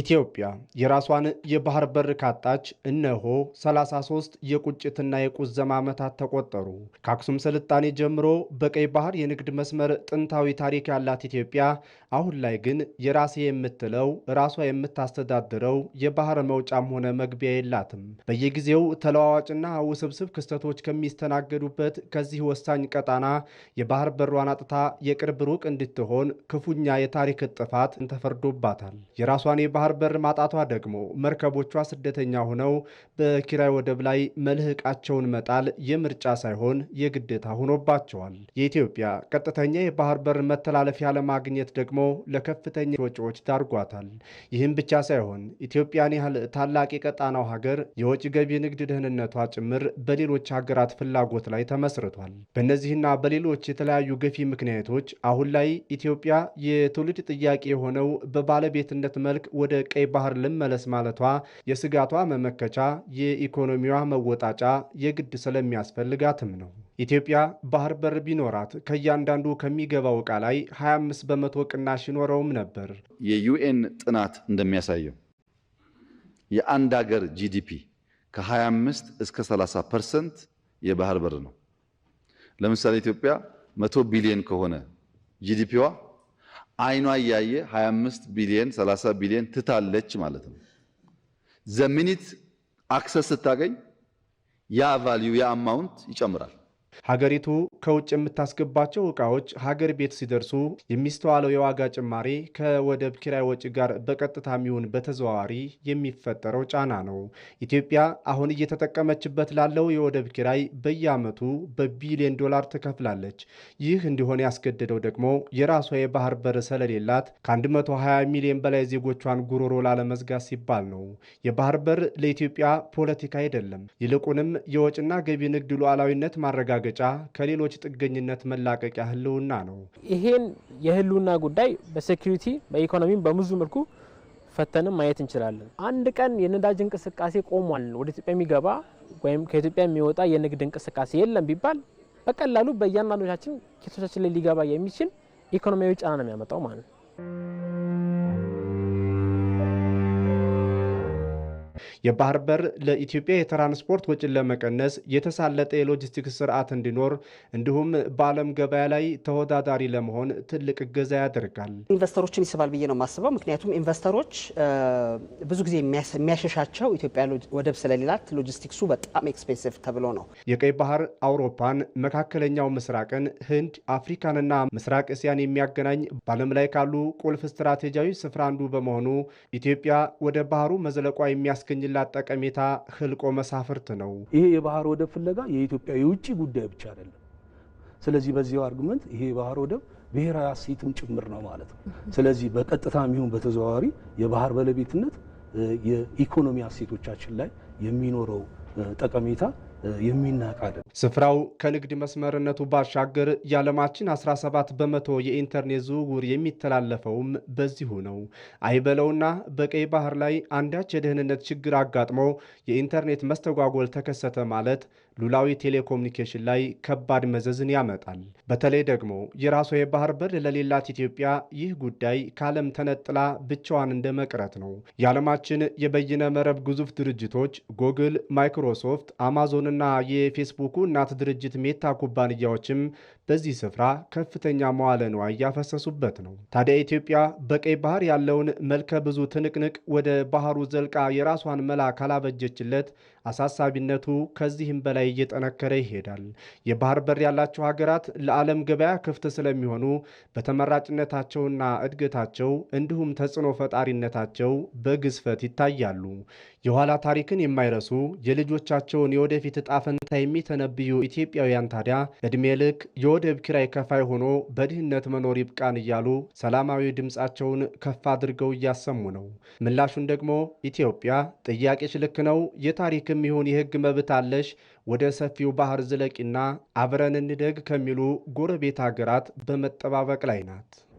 ኢትዮጵያ የራሷን የባህር በር ካጣች እነሆ 33 የቁጭትና የቁዘማ ዓመታት ተቆጠሩ። ከአክሱም ስልጣኔ ጀምሮ በቀይ ባህር የንግድ መስመር ጥንታዊ ታሪክ ያላት ኢትዮጵያ አሁን ላይ ግን የራሴ የምትለው ራሷ የምታስተዳድረው የባህር መውጫም ሆነ መግቢያ የላትም። በየጊዜው ተለዋዋጭና ውስብስብ ክስተቶች ከሚስተናገዱበት ከዚህ ወሳኝ ቀጣና የባህር በሯን አጥታ የቅርብ ሩቅ እንድትሆን ክፉኛ የታሪክ ጥፋት ተፈርዶባታል። የራሷን የባህር በር ማጣቷ ደግሞ መርከቦቿ ስደተኛ ሆነው በኪራይ ወደብ ላይ መልህቃቸውን መጣል የምርጫ ሳይሆን የግዴታ ሆኖባቸዋል። የኢትዮጵያ ቀጥተኛ የባህር በር መተላለፊያ ለማግኘት ደግሞ ለከፍተኛ ወጪዎች ዳርጓታል። ይህም ብቻ ሳይሆን ኢትዮጵያን ያህል ታላቅ የቀጣናው ሀገር የወጪ ገቢ ንግድ ደህንነቷ ጭምር በሌሎች ሀገራት ፍላጎት ላይ ተመስርቷል። በእነዚህና በሌሎች የተለያዩ ገፊ ምክንያቶች አሁን ላይ ኢትዮጵያ የትውልድ ጥያቄ የሆነው በባለቤትነት መልክ ወደ ወደ ቀይ ባህር ልመለስ ማለቷ የስጋቷ መመከቻ፣ የኢኮኖሚዋ መወጣጫ የግድ ስለሚያስፈልጋትም ነው። ኢትዮጵያ ባህር በር ቢኖራት ከእያንዳንዱ ከሚገባው ዕቃ ላይ 25 በመቶ ቅናሽ ይኖረውም ነበር። የዩኤን ጥናት እንደሚያሳየው የአንድ ሀገር ጂዲፒ ከ25 እስከ 30 ፐርሰንት የባህር በር ነው። ለምሳሌ ኢትዮጵያ 100 ቢሊዮን ከሆነ ጂዲፒዋ አይኗ እያየ 25 ቢሊዮን 30 ቢሊዮን ትታለች ማለት ነው። ዘሚኒት አክሰስ ስታገኝ ያ ቫልዩ ያ አማውንት ይጨምራል። ሀገሪቱ ከውጭ የምታስገባቸው እቃዎች ሀገር ቤት ሲደርሱ የሚስተዋለው የዋጋ ጭማሪ ከወደብ ኪራይ ወጪ ጋር በቀጥታ የሚሆን በተዘዋዋሪ የሚፈጠረው ጫና ነው። ኢትዮጵያ አሁን እየተጠቀመችበት ላለው የወደብ ኪራይ በየዓመቱ በቢሊዮን ዶላር ትከፍላለች። ይህ እንዲሆን ያስገደደው ደግሞ የራሷ የባህር በር ስለሌላት ከ120 ሚሊዮን በላይ ዜጎቿን ጉሮሮ ላለመዝጋት ሲባል ነው። የባህር በር ለኢትዮጵያ ፖለቲካ አይደለም፣ ይልቁንም የወጪና ገቢ ንግድ ሉዓላዊነት ማረጋገጫ መግለጫ ከሌሎች ጥገኝነት መላቀቂያ ህልውና ነው። ይሄን የህልውና ጉዳይ በሴኩሪቲ በኢኮኖሚም በብዙ መልኩ ፈተንም ማየት እንችላለን። አንድ ቀን የነዳጅ እንቅስቃሴ ቆሟል፣ ወደ ኢትዮጵያ የሚገባ ወይም ከኢትዮጵያ የሚወጣ የንግድ እንቅስቃሴ የለም ቢባል በቀላሉ በእያንዳንዶቻችን ኬቶቻችን ላይ ሊገባ የሚችል ኢኮኖሚያዊ ጫና ነው የሚያመጣው ማለት ነው። የባህር በር ለኢትዮጵያ የትራንስፖርት ወጪን ለመቀነስ የተሳለጠ የሎጂስቲክስ ስርዓት እንዲኖር እንዲሁም በዓለም ገበያ ላይ ተወዳዳሪ ለመሆን ትልቅ እገዛ ያደርጋል። ኢንቨስተሮችን ይስባል ብዬ ነው የማስበው። ምክንያቱም ኢንቨስተሮች ብዙ ጊዜ የሚያሸሻቸው ኢትዮጵያ ወደብ ስለሌላት ሎጂስቲክሱ በጣም ኤክስፔንሲቭ ተብሎ ነው። የቀይ ባህር አውሮፓን፣ መካከለኛው ምስራቅን፣ ህንድ፣ አፍሪካንና ምስራቅ እስያን የሚያገናኝ በዓለም ላይ ካሉ ቁልፍ ስትራቴጂያዊ ስፍራ አንዱ በመሆኑ ኢትዮጵያ ወደ ባህሩ መዝለቋ የሚያስገኝ የሚላት ጠቀሜታ ህልቆ መሳፍርት ነው። ይሄ የባህር ወደብ ፍለጋ የኢትዮጵያ የውጭ ጉዳይ ብቻ አይደለም። ስለዚህ በዚያው አርጉመንት ይሄ የባህር ወደብ ብሔራዊ አሴትም ጭምር ነው ማለት ነው። ስለዚህ በቀጥታ የሚሆን በተዘዋዋሪ የባህር ባለቤትነት የኢኮኖሚ አሴቶቻችን ላይ የሚኖረው ጠቀሜታ የሚናቅ አይደለም። ስፍራው ከንግድ መስመርነቱ ባሻገር የዓለማችን 17 በመቶ የኢንተርኔት ዝውውር የሚተላለፈውም በዚሁ ነው። አይበለውና በቀይ ባህር ላይ አንዳች የደህንነት ችግር አጋጥሞ የኢንተርኔት መስተጓጎል ተከሰተ ማለት ሉላዊ ቴሌኮሙኒኬሽን ላይ ከባድ መዘዝን ያመጣል። በተለይ ደግሞ የራሷ የባህር በር ለሌላት ኢትዮጵያ ይህ ጉዳይ ከዓለም ተነጥላ ብቻዋን እንደ መቅረት ነው። የዓለማችን የበይነ መረብ ግዙፍ ድርጅቶች ጉግል፣ ማይክሮሶፍት፣ አማዞን አማዞንና የፌስቡኩ እናት ድርጅት ሜታ ኩባንያዎችም በዚህ ስፍራ ከፍተኛ መዋለ ንዋይ እያፈሰሱበት ነው። ታዲያ ኢትዮጵያ በቀይ ባህር ያለውን መልከ ብዙ ትንቅንቅ ወደ ባህሩ ዘልቃ የራሷን መላ ካላበጀችለት አሳሳቢነቱ ከዚህም በላይ እየጠነከረ ይሄዳል። የባህር በር ያላቸው ሀገራት ለዓለም ገበያ ክፍት ስለሚሆኑ በተመራጭነታቸውና እድገታቸው እንዲሁም ተጽዕኖ ፈጣሪነታቸው በግዝፈት ይታያሉ። የኋላ ታሪክን የማይረሱ የልጆቻቸውን የወደፊት እጣ ፈንታ የሚተነብዩ ኢትዮጵያውያን ታዲያ እድሜ ልክ የወደብ ኪራይ ከፋይ ሆኖ በድህነት መኖር ይብቃን እያሉ ሰላማዊ ድምፃቸውን ከፍ አድርገው እያሰሙ ነው። ምላሹን ደግሞ ኢትዮጵያ ጥያቄሽ ልክ ነው፣ የታሪክም ይሁን የህግ መብት አለሽ፣ ወደ ሰፊው ባህር ዝለቂና አብረን እንደግ ከሚሉ ጎረቤት ሀገራት በመጠባበቅ ላይ ናት።